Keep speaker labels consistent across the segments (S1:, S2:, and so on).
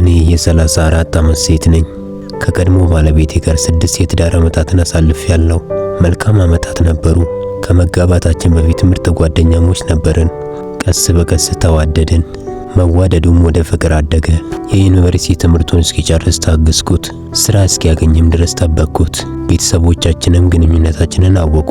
S1: እኔ የ34 ዓመት ሴት ነኝ። ከቀድሞ ባለቤቴ ጋር ስድስት የትዳር ዓመታትን አሳልፍ ያለው መልካም ዓመታት ነበሩ። ከመጋባታችን በፊት ምርጥ ጓደኛሞች ነበርን። ቀስ በቀስ ተዋደድን። መዋደዱም ወደ ፍቅር አደገ። የዩኒቨርሲቲ ትምህርቱን እስኪጨርስ ታግስኩት ስራ እስኪያገኝም ድረስ ጠበቅኩት። ቤተሰቦቻችንም ግንኙነታችንን አወቁ።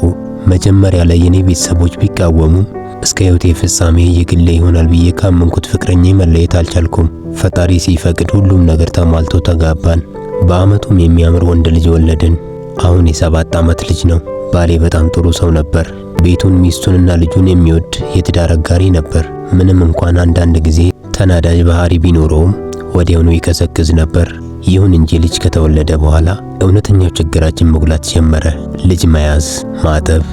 S1: መጀመሪያ ላይ የኔ ቤተሰቦች ቢቃወሙም እስከ ሕይወቴ ፍጻሜ የግሌ ይሆናል ብዬ ካመንኩት ፍቅረኛ መለየት አልቻልኩም። ፈጣሪ ሲፈቅድ ሁሉም ነገር ተሟልቶ ተጋባን። በአመቱም የሚያምር ወንድ ልጅ ወለድን። አሁን የሰባት ዓመት ልጅ ነው። ባሌ በጣም ጥሩ ሰው ነበር። ቤቱን ሚስቱንና ልጁን የሚወድ የትዳር አጋሪ ነበር። ምንም እንኳን አንዳንድ ጊዜ ተናዳጅ ባህሪ ቢኖረውም ወዲያውኑ ይቀዘቅዝ ነበር። ይሁን እንጂ ልጅ ከተወለደ በኋላ እውነተኛው ችግራችን መጉላት ጀመረ። ልጅ መያዝ፣ ማጠብ፣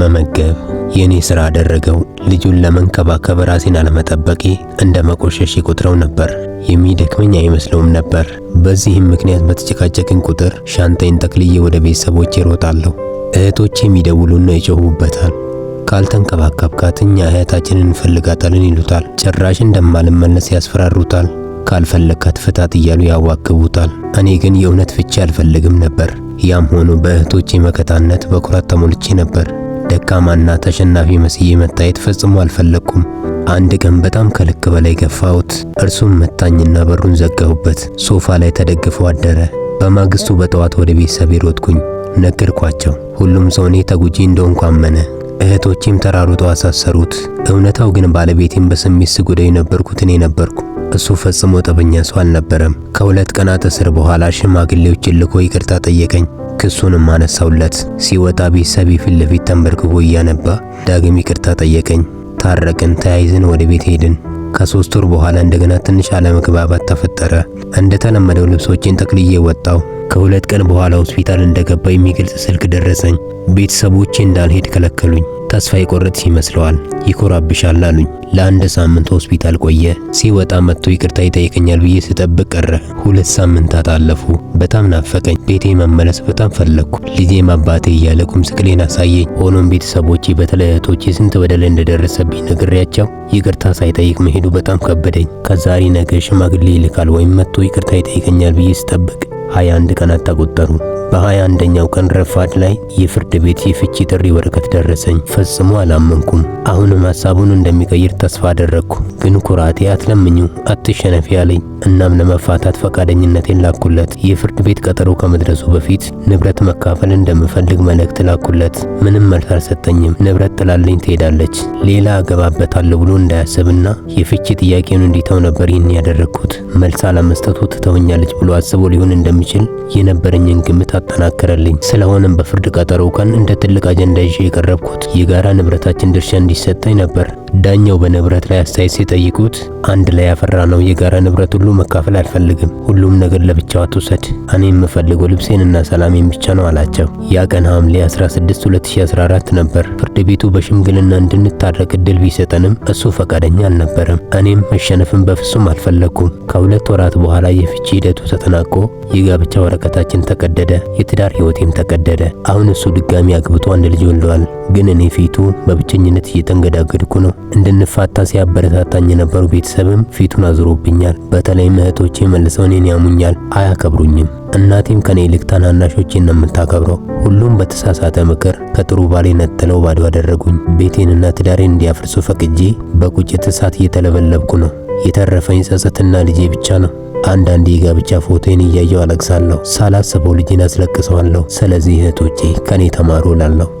S1: መመገብ የእኔ ስራ አደረገው። ልጁን ለመንከባከብ ራሴን አለመጠበቄ እንደ መቆሸሽ ይቆጥረው ነበር። የሚደክመኝ አይመስለውም ነበር። በዚህም ምክንያት በተጨቃጨቅን ቁጥር ሻንጣዬን ጠቅልዬ ወደ ቤተሰቦቼ እሮጣለሁ። እህቶቼ የሚደውሉና ይጮሁበታል። ካልተንከባከብካት እኛ እህታችንን እንፈልጋታለን ይሉታል። ጭራሽ እንደማልመለስ ያስፈራሩታል። ካልፈለግካት ፍታት እያሉ ያዋክቡታል። እኔ ግን የእውነት ፍቺ አልፈልግም ነበር። ያም ሆኖ በእህቶቼ መከታነት በኩራት ተሞልቼ ነበር። ደካማና ተሸናፊ መስዬ መታየት ፈጽሞ አልፈለግኩም። አንድ ቀን በጣም ከልክ በላይ ገፋሁት። እርሱም መታኝና በሩን ዘጋሁበት። ሶፋ ላይ ተደግፎ አደረ። በማግስቱ በጠዋት ወደ ቤተሰቤ ሮጥኩኝ፣ ነገርኳቸው። ሁሉም ሰው እኔ ተጎጂ እንደሆንኩ አመነ። እህቶቼም ተራሩጦ አሳሰሩት። እውነታው ግን ባለቤቴም በስሜት ስጎዳው የነበርኩት እኔ ነበርኩ። እሱ ፈጽሞ ጠበኛ ሰው አልነበረም። ከሁለት ቀናት እስር በኋላ ሽማግሌዎችን ልኮ ይቅርታ ጠየቀኝ። ክሱንም አነሳውለት። ሲወጣ ቤተሰቤ ፊት ለፊት ተንበርክኮ እያነባ ዳግም ይቅርታ ጠየቀኝ። ታረቅን፣ ተያይዘን ወደ ቤት ሄድን። ከሶስት ወር በኋላ እንደገና ትንሽ አለመግባባት ተፈጠረ። እንደተለመደው ልብሶችን ጠቅልዬ ወጣው። ከሁለት ቀን በኋላ ሆስፒታል እንደገባ የሚገልጽ ስልክ ደረሰኝ። ቤተሰቦቼ እንዳልሄድ ከለከሉኝ። ተስፋ የቆረጥሽ ይመስለዋል፣ ይኮራብሻል አሉኝ። ለአንድ ሳምንት ሆስፒታል ቆየ። ሲወጣ መጥቶ ይቅርታ ይጠይቀኛል ብዬ ስጠብቅ ቀረ። ሁለት ሳምንታት አለፉ። በጣም ናፈቀኝ። ቤቴ መመለስ በጣም ፈለግኩ። ልጄም አባቴ እያለ ቁም ስቅሌን አሳየኝ። ሆኖም ቤተሰቦቼ በተለይ እህቶቼ ስንት በደል እንደደረሰብኝ ነግሬያቸው ይቅርታ ሳይጠይቅ መሄዱ በጣም ከበደኝ። ከዛሬ ነገ ሽማግሌ ይልካል ወይም መጥቶ ይቅርታ ይጠይቀኛል ብዬ ስጠብቅ 21 ቀናት ተቆጠሩ። በሀያ አንደኛው ቀን ረፋድ ላይ የፍርድ ቤት የፍቺ ጥሪ ወረቀት ደረሰኝ። ፈጽሞ አላመንኩም። አሁንም ሀሳቡን እንደሚቀይር ተስፋ አደረግኩ። ግን ኩራቴ አትለምኙ አትሸነፊ ያለኝ። እናም ለመፋታት ፈቃደኝነቴን ላኩለት። የፍርድ ቤት ቀጠሮ ከመድረሱ በፊት ንብረት መካፈል እንደምፈልግ መልእክት ላኩለት። ምንም መልስ አልሰጠኝም። ንብረት ጥላልኝ ትሄዳለች፣ ሌላ አገባበታለሁ ብሎ እንዳያስብና የፍቺ ጥያቄውን እንዲተው ነበር ይህን ያደረግኩት። መልስ አለመስጠቱ ትተውኛለች ብሎ አስቦ ሊሆን እንደሚችል የነበረኝን ግምት አጠናከረልኝ። ስለሆነም በፍርድ ቀጠሮው ቀን እንደ ትልቅ አጀንዳ ይዤ የቀረብኩት የጋራ ንብረታችን ድርሻ እንዲሰጠኝ ነበር። ዳኛው በንብረት ላይ አስተያየት ሲጠይቁት አንድ ላይ ያፈራ ነው የጋራ ንብረት ሁሉ መካፈል አልፈልግም፣ ሁሉም ነገር ለብቻው አትውሰድ፣ እኔ የምፈልገው ልብሴንና ሰላሜን ብቻ ነው አላቸው። ያ ቀን ሐምሌ 16 2014 ነበር። ፍርድ ቤቱ በሽምግልና እንድንታረቅ እድል ቢሰጠንም እሱ ፈቃደኛ አልነበረም። እኔም መሸነፍን በፍጹም አልፈለግኩም። ከሁለት ወራት በኋላ የፍቺ ሂደቱ ተጠናቆ የጋብቻ ወረቀታችን ተቀደደ። የትዳር ህይወቴም ተቀደደ። አሁን እሱ ድጋሚ አግብቶ አንድ ልጅ ወልደዋል። ግን እኔ ፊቱ በብቸኝነት እየተንገዳገድኩ ነው። እንድንፋታ ሲያበረታታኝ የነበሩ ቤተሰብም ፊቱን አዙሮብኛል። በተለይም እህቶቼ መልሰው እኔን ያሙኛል፣ አያከብሩኝም። እናቴም ከኔ ይልቅ ታናናሾቼን ነው የምታከብረው። ሁሉም በተሳሳተ ምክር ከጥሩ ባሌ ነጥለው ባዶ አደረጉኝ። ቤቴንና ትዳሬን እንዲያፈርሱ ፈቅጄ በቁጭት እሳት እየተለበለብኩ ነው። የተረፈኝ ጸጸትና ልጄ ብቻ ነው። አንዳንዴ የጋብቻ ፎቶዬን እያየው አለቅሳለሁ። ሳላስበው ልጅን አስለቅሰዋለሁ። ስለዚህ እህቶቼ ከኔ ተማሩ ላለሁ